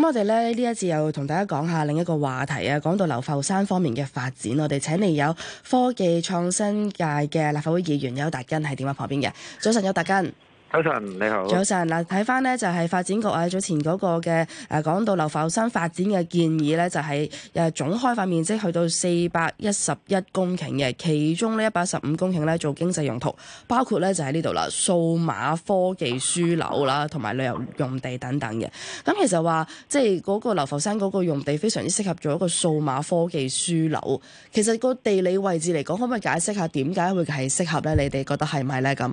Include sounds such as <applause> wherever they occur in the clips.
咁我哋咧，呢一次又同大家講下另一個話題啊，講到流浮山方面嘅發展，我哋請嚟有科技創新界嘅立法會議員邱達根喺電話旁邊嘅。早晨，邱達根。早晨，你好。早晨嗱，睇翻咧就係、是、發展局啊、就是、早前嗰個嘅誒，講到流浮山發展嘅建議咧，就係、是、誒總開發面積去到四百一十一公頃嘅，其中呢一百一十五公頃咧做經濟用途，包括咧就喺呢度啦，數碼科技樞紐啦，同埋旅遊用地等等嘅。咁其實話即係嗰個流浮山嗰個用地非常之適合做一個數碼科技樞紐。其實個地理位置嚟講，可唔可以解釋下點解會係適合咧？你哋覺得係咪咧？咁？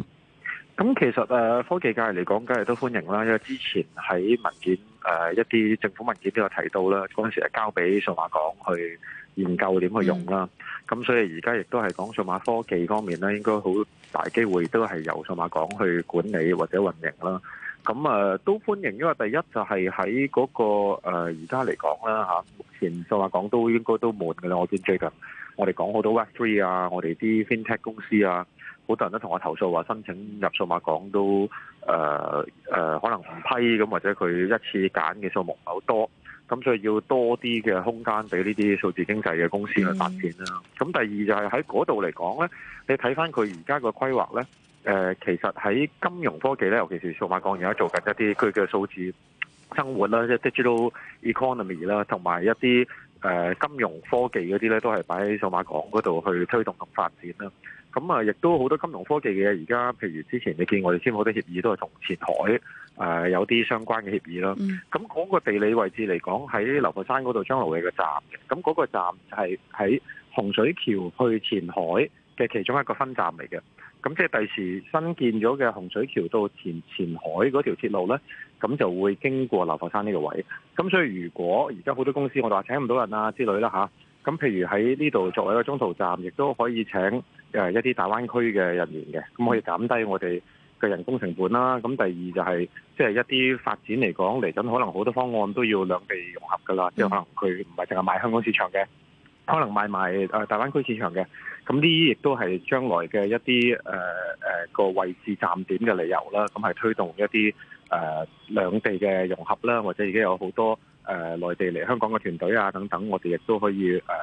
咁其實誒科技界嚟講，梗係都歡迎啦。因為之前喺文件誒一啲政府文件都有提到啦，嗰陣時係交俾數碼港去研究點去用啦。咁所以而家亦都係講數碼科技方面咧，應該好大機會都係由數碼港去管理或者運營啦。咁啊都歡迎，因為第一就係喺嗰個誒而家嚟講啦嚇，目前數碼港都應該都滿㗎啦。我見最近我哋講好多 Web Three 啊，我哋啲 FinTech 公司啊。好多人都同我投訴話申請入數碼港都誒誒、呃呃、可能唔批咁，或者佢一次揀嘅數目唔好多，咁所以要多啲嘅空間俾呢啲數字經濟嘅公司去發展啦。咁、嗯、第二就係喺嗰度嚟講呢，你睇翻佢而家個規劃呢，誒、呃、其實喺金融科技呢，尤其是數碼港而家做緊一啲佢嘅數字生活啦，即、就、係、是、digital economy 啦，同埋一啲誒金融科技嗰啲呢，都係擺喺數碼港嗰度去推動同發展啦。咁啊，亦都好多金融科技嘅。而家譬如之前你見我哋簽好多協議，都係同前海誒有啲相關嘅協議啦。咁、嗯、嗰、那個地理位置嚟講，喺流浮山嗰度將來會有個站嘅。咁、那、嗰個站就係喺洪水橋去前海嘅其中一個分站嚟嘅。咁即係第時新建咗嘅洪水橋到前前海嗰條鐵路咧，咁就會經過流浮山呢個位。咁所以如果而家好多公司我哋話請唔到人啊之類啦吓，咁譬如喺呢度作為一個中途站，亦都可以請。誒一啲大灣區嘅人員嘅，咁可以減低我哋嘅人工成本啦。咁第二就係、是，即、就、係、是、一啲發展嚟講，嚟緊可能好多方案都要兩地融合噶啦、嗯。即係可能佢唔係淨係賣香港市場嘅，可能賣埋誒大灣區市場嘅。咁呢啲亦都係將來嘅一啲誒誒個位置站點嘅理由啦。咁係推動一啲誒、呃、兩地嘅融合啦，或者已經有好多。誒、呃、內地嚟香港嘅團隊啊等等，我哋亦都可以誒、呃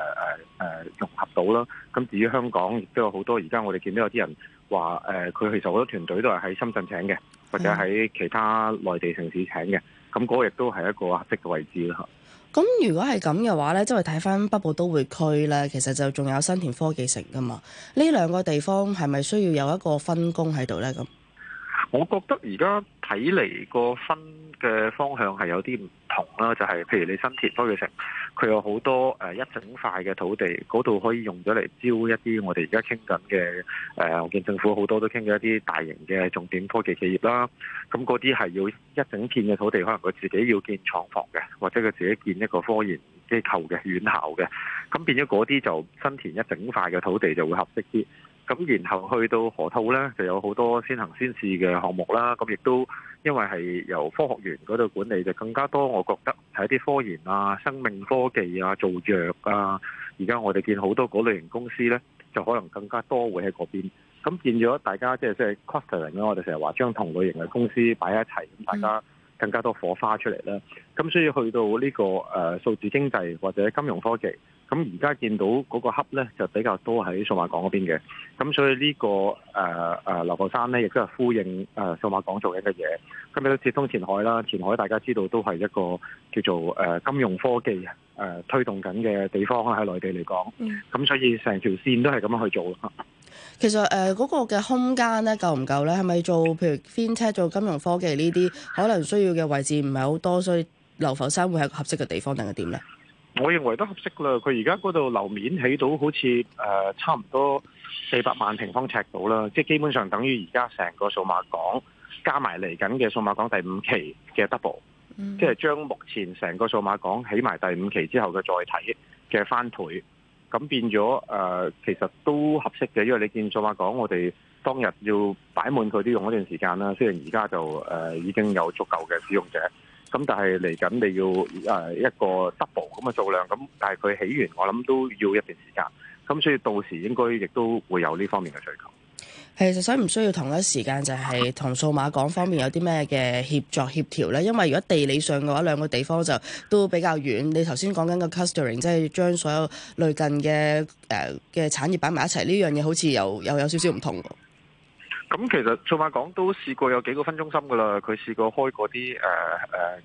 呃、融合到啦。咁至於香港，亦都有好多而家我哋見到有啲人話誒，佢、呃、其實好多團隊都係喺深圳請嘅，或者喺其他內地城市請嘅。咁、那、嗰個亦都係一個合適嘅位置啦。咁、嗯、如果係咁嘅話呢，即係睇返北部都會區呢，其實就仲有新田科技城㗎嘛。呢兩個地方係咪需要有一個分工喺度呢？咁？我覺得而家睇嚟個新嘅方向係有啲唔同啦，就係譬如你新田科技城，佢有好多誒一整塊嘅土地，嗰度可以用咗嚟招一啲我哋而家傾緊嘅誒，我見政府好多都傾咗一啲大型嘅重點科技企業啦。咁嗰啲係要一整片嘅土地，可能佢自己要建廠房嘅，或者佢自己建一個科研機構嘅院校嘅。咁變咗嗰啲就新田一整塊嘅土地就會合適啲。咁然後去到河套咧，就有好多先行先試嘅項目啦。咁亦都因為係由科學園嗰度管理，就更加多。我覺得係一啲科研啊、生命科技啊、做藥啊。而家我哋見好多嗰類型公司咧，就可能更加多會喺嗰邊。咁變咗大家即係即係 clustering 啦。就是，我哋成日話將同類型嘅公司擺喺一齊，咁大家更加多火花出嚟啦。咁所以去到呢、呢個、呃、數字經濟或者金融科技。咁而家見到嗰個 hub 咧，就比較多喺數碼港嗰邊嘅。咁所以呢個誒誒流浮山咧，亦都係呼應誒數碼港做嘅嘢。咁都接通前海啦，前海大家知道都係一個叫做誒金融科技誒推動緊嘅地方喺內地嚟講。咁所以成條線都係咁樣去做咯。其實誒嗰個嘅空間咧夠唔夠咧？係咪做譬如 fintech 做金融科技呢啲可能需要嘅位置唔係好多，所以流浮山會係一個合適嘅地方定係點咧？我認為都合適啦。佢而家嗰度樓面起到好似誒、呃、差唔多四百萬平方尺度啦，即係基本上等於而家成個數碼港加埋嚟緊嘅數碼港第五期嘅 double、嗯、即係將目前成個數碼港起埋第五期之後嘅再睇嘅翻倍。咁變咗誒、呃，其實都合適嘅，因為你見數碼港我哋當日要擺滿佢都用一段時間啦。雖然而家就誒、呃、已經有足夠嘅使用者。咁但係嚟緊你要誒一個 double 咁嘅數量，咁但係佢起源，我諗都要一段時間。咁所以到時應該亦都會有呢方面嘅需求。其實使唔需要同一時間就係同數碼港方面有啲咩嘅協作協調呢？因為如果地理上嘅話，兩個地方就都比較遠。你頭先講緊個 clustering，即係將所有類近嘅誒嘅產業擺埋一齊，呢樣嘢好似又又有少少唔同。咁其實數碼港都試過有幾個分中心噶啦，佢試過開過啲誒誒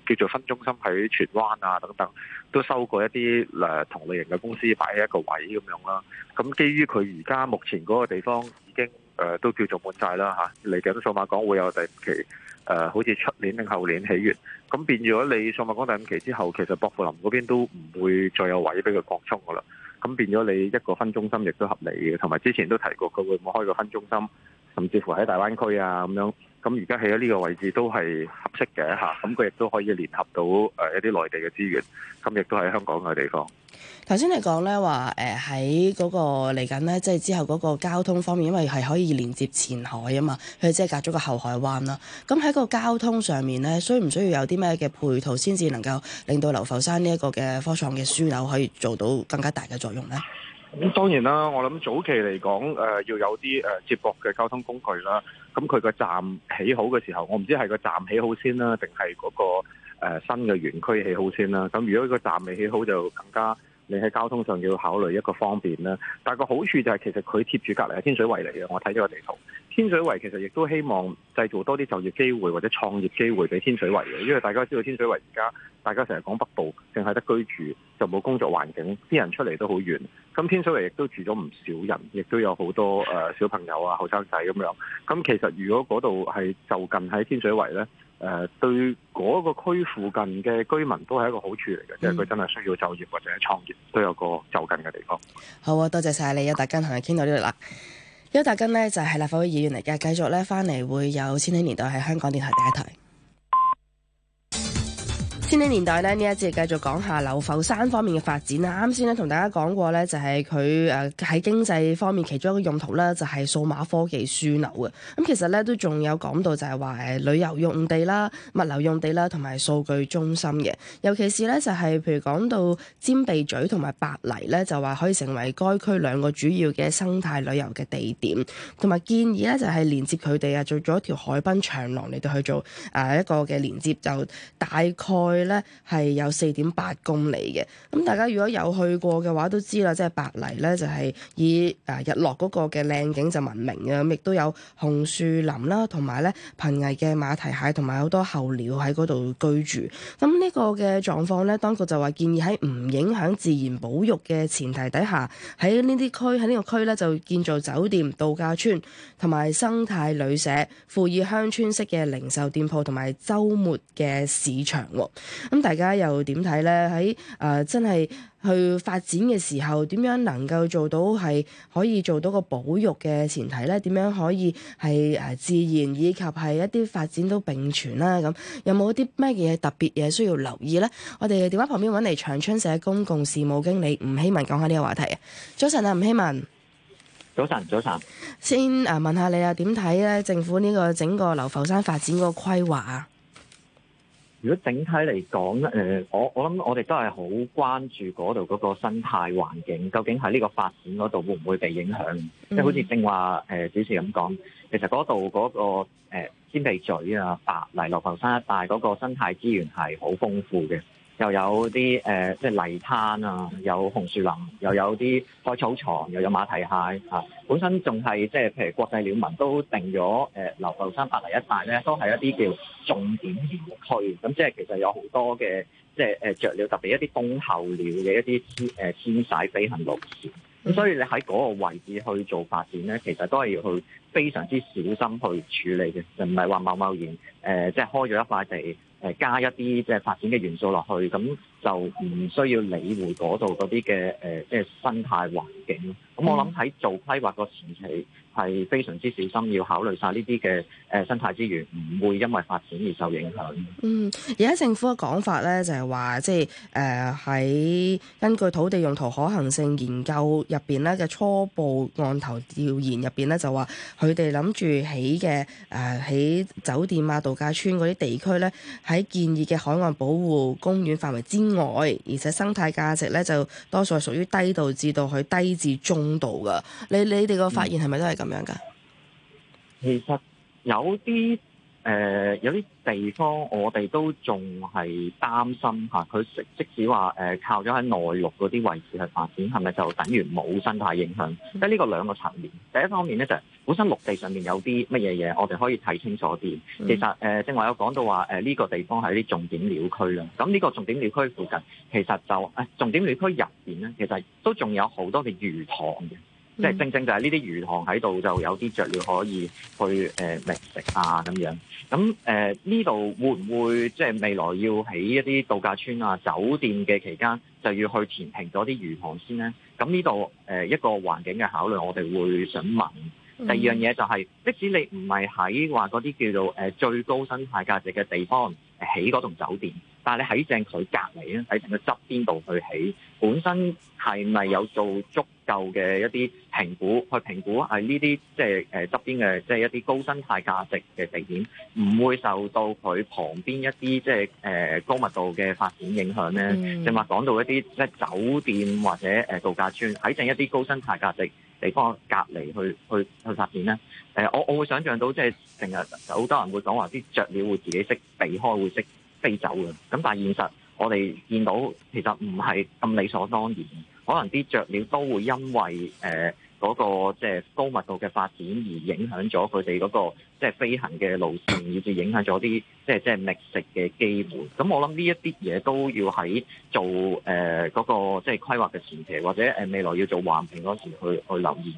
叫做分中心喺荃灣啊、等等，都收過一啲誒同類型嘅公司擺喺一個位咁樣啦。咁基於佢而家目前嗰個地方已經誒、呃、都叫做滿晒啦嚇，嚟、啊、緊數碼港會有第五期誒、呃，好似出年定後年起完，咁變咗你數碼港第五期之後，其實博富林嗰邊都唔會再有位俾佢擴充噶啦。咁變咗你一個分中心亦都合理嘅，同埋之前都提過佢會唔會開個分中心。甚至乎喺大灣區啊，咁樣咁而家喺咗呢個位置都係合適嘅嚇，咁佢亦都可以聯合到誒一啲內地嘅資源，咁亦都係香港嘅地方。頭先你講咧話誒喺嗰個嚟緊咧，即係、就是、之後嗰個交通方面，因為係可以連接前海啊嘛，佢即係隔咗個後海灣啦。咁喺個交通上面咧，需唔需要有啲咩嘅配套，先至能夠令到流浮山呢一個嘅科創嘅樞紐可以做到更加大嘅作用咧？咁當然啦，我諗早期嚟講，誒、呃、要有啲誒接駁嘅交通工具啦。咁佢個站起好嘅時候，我唔知係個站起好先啦，定係嗰個、呃、新嘅園區起好先啦。咁如果個站未起好，就更加你喺交通上要考慮一個方便啦。但係個好處就係其實佢貼住隔離係天水圍嚟嘅，我睇咗個地圖。天水圍其實亦都希望製造多啲就業機會或者創業機會俾天水圍嘅，因為大家都知道天水圍而家，大家成日講北部淨係得居住，就冇工作環境，啲人出嚟都好遠。咁天水圍亦都住咗唔少人，亦都有好多誒小朋友啊、後生仔咁樣。咁其實如果嗰度係就近喺天水圍呢，誒對嗰個區附近嘅居民都係一個好處嚟嘅，即係佢真係需要就業或者創業都有個就近嘅地方。好啊，多謝晒你啊，達根兄，傾到呢度啦。邱達根咧，就係立法會議員嚟嘅，繼續咧，返嚟會有《千禧年代》喺香港電台第一台。千禧年代呢，呢一節繼續講下流浮山方面嘅發展啦。啱先咧同大家講過咧，就係佢誒喺經濟方面其中一個用途咧，就係數碼科技樞紐嘅。咁其實咧都仲有講到就係話誒旅遊用地啦、物流用地啦同埋數據中心嘅。尤其是咧就係、是、譬如講到尖鼻咀同埋白泥咧，就話可以成為該區兩個主要嘅生態旅遊嘅地點，同埋建議咧就係連接佢哋啊，做咗條海濱長廊嚟到去做誒一個嘅連接，就大概。咧係有四點八公里嘅，咁大家如果有去過嘅話，都知啦，即係白泥咧就係以誒日落嗰個嘅靚景就聞名嘅，咁亦都有紅樹林啦，同埋咧瀕危嘅馬蹄蟹同埋好多候鳥喺嗰度居住。咁呢個嘅狀況咧，當局就話建議喺唔影響自然保育嘅前提底下，喺呢啲區喺呢個區咧就建造酒店、度假村同埋生態旅社，輔以鄉村式嘅零售店鋪同埋周末嘅市場。咁大家又點睇咧？喺、呃、真係去發展嘅時候，點樣能夠做到係可以做到個保育嘅前提咧？點樣可以係自然以及係一啲發展都並存啦？咁有冇啲咩嘢特別嘢需要留意咧？我哋電話旁邊揾嚟長春社公共事務經理吳希文，講下呢個話題。早晨啊，吳希文。早晨，早晨。先誒問下你啊，點睇咧政府呢個整個流浮山發展嗰個規劃啊？如果整體嚟講、呃，我我諗我哋都係好關注嗰度嗰個生態環境，究竟喺呢個發展嗰度會唔會被影響？即、嗯係、好似正話誒，主持咁講，其實嗰度嗰個誒尖鼻咀啊、白泥流浮山一帶嗰個生態資源係好豐富嘅。又有啲、呃、即係泥灘啊，有紅樹林，又有啲開草叢，又有馬蹄蟹、啊、本身仲係即係譬如國際鳥盟都定咗誒流浮山白泥一帶咧，都係一啲叫重點區。咁即係其實有好多嘅即係誒雀鳥，特別一啲冬候鳥嘅一啲誒遷徙飛行路線。咁、嗯、所以你喺嗰個位置去做發展咧，其實都係要去非常之小心去處理嘅，就唔係話貿貿然誒即係開咗一塊地。誒加一啲即係發展嘅元素落去，咁就唔需要理會嗰度嗰啲嘅誒即係生態環境。咁我諗喺做規劃個前期。係非常之小心，要考慮晒呢啲嘅誒生態資源，唔會因為發展而受影響。嗯，而家政府嘅講法咧，就係話，即係誒喺根據土地用途可行性研究入邊咧嘅初步案頭調研入邊咧，就話佢哋諗住起嘅誒喺酒店啊、度假村嗰啲地區咧，喺建議嘅海岸保護公園範圍之外，而且生態價值咧就多數係屬於低度至到去低至中度嘅。你你哋個發現係咪都係咁？嗯。咁樣噶，其實有啲誒、呃，有啲地方我哋都仲係擔心吓，佢即即使話誒、呃，靠咗喺內陸嗰啲位置去發展，係咪就等於冇生態影響？即係呢個兩個層面。第一方面咧就係、是、本身陸地上面有啲乜嘢嘢，我哋可以睇清楚啲。其實誒，正、呃、話有講到話誒，呢、呃這個地方係啲重點鳥區啦。咁呢個重點鳥區附近，其實就誒，重點鳥區入邊咧，其實都仲有好多嘅魚塘嘅。即、嗯、正正就係呢啲魚塘喺度，就有啲雀鳥可以去誒覓食啊咁樣。咁誒呢度會唔會即係、就是、未來要起一啲度假村啊酒店嘅期間就要去填平咗啲魚塘先咧？咁呢度誒，一個環境嘅考慮，我哋會想問。嗯、第二樣嘢就係、是、即使你唔係喺話嗰啲叫做誒最高生態價值嘅地方起嗰棟酒店。但係你喺正佢隔離咧，喺正個側邊度去起，本身係咪有做足夠嘅一啲評估，去評估係呢啲即係誒側邊嘅即係一啲高生態價值嘅地點，唔會受到佢旁邊一啲即係誒高密度嘅發展影響咧？正話講到一啲即係酒店或者誒度假村喺正一啲高生態價值嘅地方隔離去去去發展咧？誒，我我會想像到即係成日好多人會講話啲雀鳥會自己識避開，避開會識。飛走嘅，咁但係現實，我哋見到其實唔係咁理所當然，可能啲雀鳥都會因為誒嗰個即係高密度嘅發展而影響咗佢哋嗰個。即係飛行嘅路線，以致影響咗啲即係即係覓食嘅機會。咁我諗呢一啲嘢都要喺做誒嗰、呃那個即係規劃嘅前期，或者誒未來要做環評嗰時去去留意。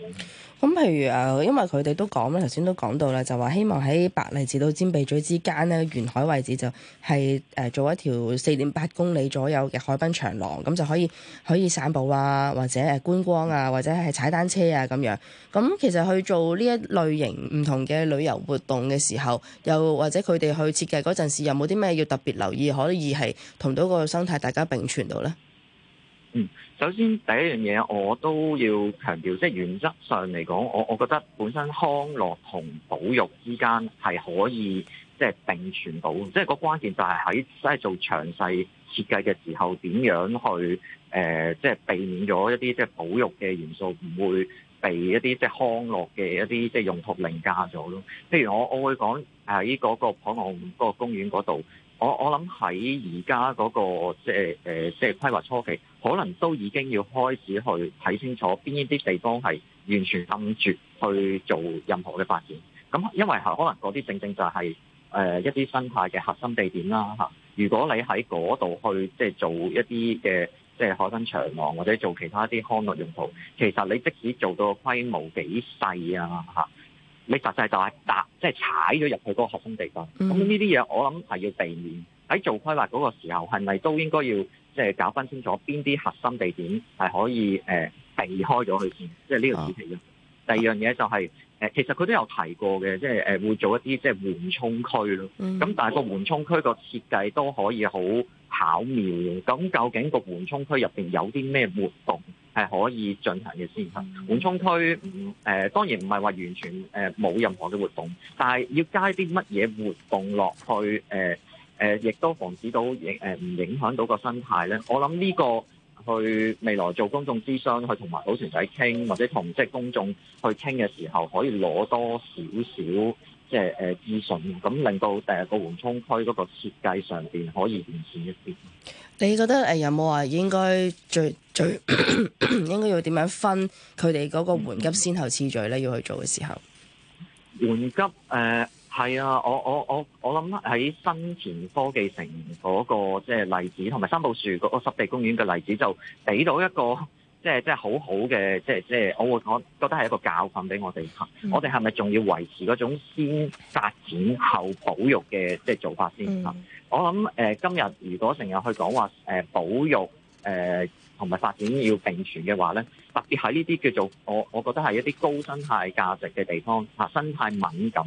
咁譬如誒，因為佢哋都講咧，頭先都講到咧，就話希望喺白泥至到尖鼻咀之間咧，沿海位置就係誒做一條四點八公里左右嘅海濱長廊，咁就可以可以散步啊，或者係觀光啊，或者係踩單車啊咁樣。咁其實去做呢一類型唔同嘅旅遊。活動嘅時候，又或者佢哋去設計嗰陣時，有冇啲咩要特別留意，可以係同到個生態大家並存到咧？嗯，首先第一樣嘢，我都要強調，即係原則上嚟講，我我覺得本身康樂同保育之間係可以即係並存到，即係個關鍵就係喺即係做詳細設計嘅時候，點樣去誒，即係避免咗一啲即係保育嘅元素唔會。被一啲即康樂嘅一啲即用途凌駕咗咯。譬如我我會講喺依可樂個嗰個公園嗰度，我我諗喺而家嗰個即誒即規劃初期，可能都已經要開始去睇清楚邊一啲地方係完全禁住去做任何嘅發展。咁因為可能嗰啲正正就係誒一啲生態嘅核心地點啦嚇如果你喺嗰度去即做一啲嘅。即係海濱長廊，或者做其他啲康樂用途，其實你即使做到個規模幾細啊嚇，你實際就係搭即係踩咗入去嗰個核心地段。咁呢啲嘢我諗係要避免喺做規劃嗰個時候，係咪都應該要即係、就是、搞翻清楚邊啲核心地點係可以誒、呃、避開咗佢先？即係呢個時期咯。第二樣嘢就係、是、誒、呃，其實佢都有提過嘅，即係誒會做一啲即係緩衝區咯。咁、嗯、但係個緩衝區個設計都可以好巧妙咁究竟個緩衝區入面有啲咩活動係可以進行嘅先？嚇，緩衝區誒、呃、當然唔係話完全冇任何嘅活動，但係要加啲乜嘢活動落去？誒亦都防止到影唔、呃、影響到個生態咧。我諗呢、呢個去未來做公眾諮詢，去同埋保全仔傾，或者同即公眾去傾嘅時候，可以攞多少少。即係誒諮詢，咁令到誒個緩衝區嗰個設計上邊可以完善一啲。你覺得誒有冇話應該最最 <coughs> 應該要點樣分佢哋嗰個緩急先後次序咧？要去做嘅時候，緩急誒係、呃、啊！我我我我諗喺新田科技城嗰個即係例子，同埋三寶樹嗰個濕地公園嘅例子，就俾到一個。即係即係好好嘅，即係即係，我會講覺得係一個教訓俾我哋嚇。我哋係咪仲要維持嗰種先發展後保育嘅即係做法先？嗯、我諗、呃、今日如果成日去講話、呃、保育誒同埋發展要並存嘅話咧，特別喺呢啲叫做我我覺得係一啲高生態價值嘅地方、啊、生態敏感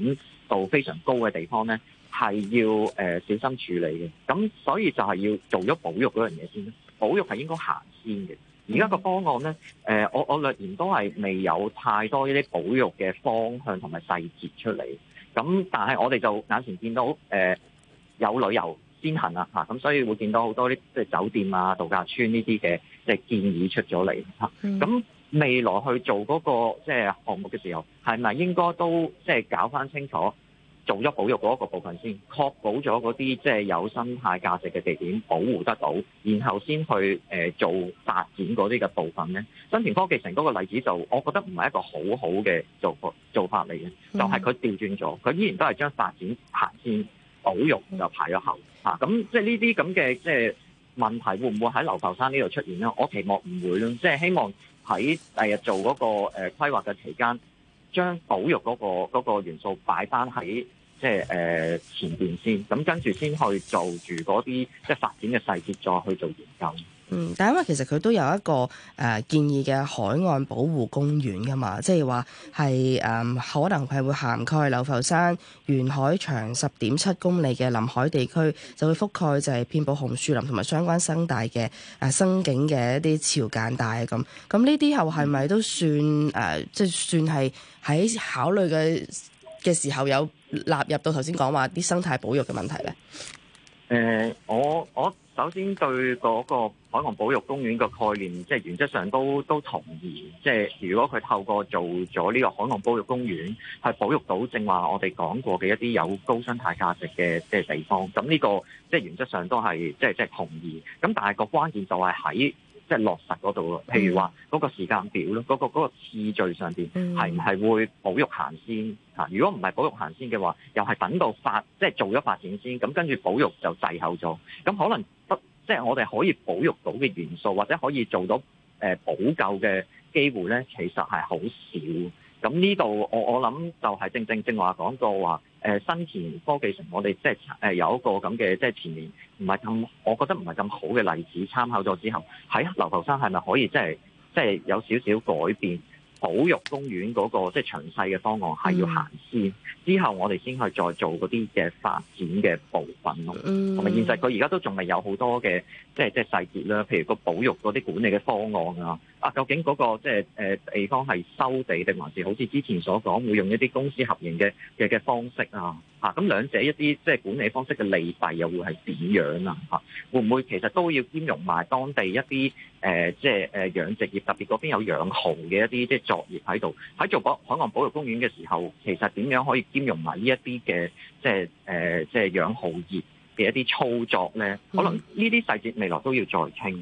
度非常高嘅地方咧，係要誒、呃、小心處理嘅。咁所以就係要做咗保育嗰樣嘢先，保育係應該行先嘅。而家個方案咧，誒，我我略然都係未有太多呢啲保育嘅方向同埋細節出嚟，咁但係我哋就眼前見到誒、呃、有旅遊先行啦嚇，咁所以會見到好多啲即係酒店啊、度假村呢啲嘅即係建議出咗嚟嚇，咁未來去做嗰個即係項目嘅時候，係咪應該都即係搞翻清楚？做咗保育嗰個部分先，確保咗嗰啲即係有生態價值嘅地點保護得到，然後先去、呃、做發展嗰啲嘅部分咧。新田科技城嗰個例子就，我覺得唔係一個好好嘅做做法嚟嘅，就係佢調轉咗，佢依然都係將發展排先，保育就排咗後吓。咁即係呢啲咁嘅即係問題，會唔會喺流浮山呢度出現咧？我期望唔會咯，即係希望喺第日做嗰個、呃、規劃嘅期間。將保育嗰個嗰個元素擺翻喺即係誒前邊先，咁跟住先去做住嗰啲即係發展嘅細節，再去做研究。嗯，但因為其實佢都有一個誒、呃、建議嘅海岸保護公園㗎嘛，即係話係誒可能係會涵蓋流浮山沿海長十點七公里嘅臨海地區，就會覆蓋就係遍佈紅樹林同埋相關生態嘅誒生境嘅一啲潮間帶咁。咁呢啲又係咪都算誒、呃，即係算係喺考慮嘅嘅時候有納入到頭先講話啲生態保育嘅問題咧？誒、呃，我。首先對嗰個海岸保育公園嘅概念，即係原則上都都同意。即係如果佢透過做咗呢個海岸保育公園，係保育到正話我哋講過嘅一啲有高生態價值嘅即係地方，咁呢個即係原則上都係即係即係同意。咁但係個關鍵就係喺。即、就、係、是、落實嗰度咯，譬如話嗰個時間表咯，嗰、那個嗰、那個、次序上面，係唔係會保育行先？如果唔係保育行先嘅話，又係等到發即係、就是、做咗發展先，咁跟住保育就滯後咗。咁可能即係、就是、我哋可以保育到嘅元素，或者可以做到誒、呃、補救嘅機會咧，其實係好少。咁呢度我我諗就係正正正話講過話。誒，呃，新田科技城，我哋即係有一個咁嘅，即係前面唔係咁，我覺得唔係咁好嘅例子參考咗之後，喺流浮山係咪可以即係即係有少少改變保育公園嗰個即係詳細嘅方案，係要行先之後，我哋先去再做嗰啲嘅發展嘅部分咯。嗯，同埋現實，佢而家都仲未有好多嘅，即係即係細節啦，譬如個保育嗰啲管理嘅方案啊。究竟嗰個即係誒地方係收地定還是好似之前所講會用一啲公司合營嘅嘅嘅方式啊？嚇，咁兩者一啲即係管理方式嘅利弊又會係點樣啊？嚇，會唔會其實都要兼容埋當地一啲即係誒養殖業，特別嗰邊有養蠔嘅一啲即係作業喺度，喺做海岸保育公園嘅時候，其實點樣可以兼容埋呢一啲嘅即係誒即係養蠔業？嘅一啲操作呢，可能呢啲細節未來都要再傾。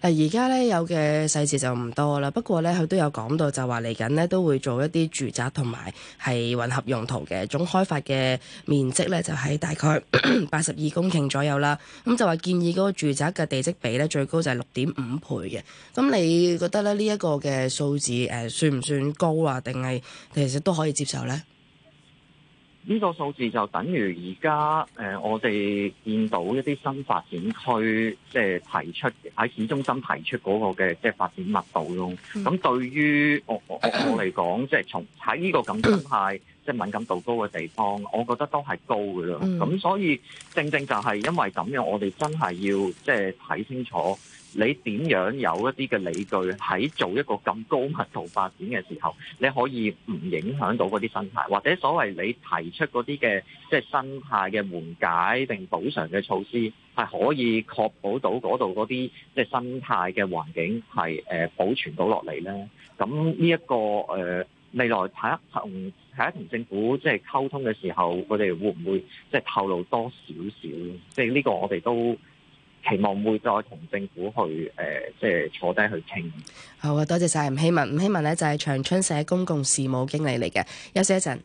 誒而家呢，有嘅細節就唔多啦，不過呢，佢都有講到就話嚟緊呢，都會做一啲住宅同埋係混合用途嘅，總開發嘅面積呢，就喺大概八十二公頃左右啦。咁就話建議嗰個住宅嘅地積比呢，最高就係六點五倍嘅。咁你覺得呢，呢一個嘅數字誒算唔算高啊？定係其實都可以接受呢？呢、這個數字就等於而家誒，我哋見到一啲新發展區，即、就、係、是、提出喺市中心提出嗰個嘅即係發展密度咯。咁對於我我我嚟講，即、就、係、是、從喺呢個咁生態，即係、 <coughs> 就是、敏感度高嘅地方，我覺得都係高嘅咯。咁所以正正就係因為咁樣，我哋真係要即係睇清楚。你點樣有一啲嘅理據喺做一個咁高密度發展嘅時候，你可以唔影響到嗰啲生態，或者所謂你提出嗰啲嘅即係生態嘅緩解定補償嘅措施，係可以確保到嗰度嗰啲即係生態嘅環境係誒保存到落嚟咧？咁呢一個誒、呃、未來睇一同睇一同政府即係溝通嘅時候，我哋會唔會即係透露多少少？即係呢個我哋都。期望會再同政府去呃、即係、坐低去傾。好啊，多謝晒吳希文。吳希文咧就係長春社公共事務經理嚟嘅。休息一陣。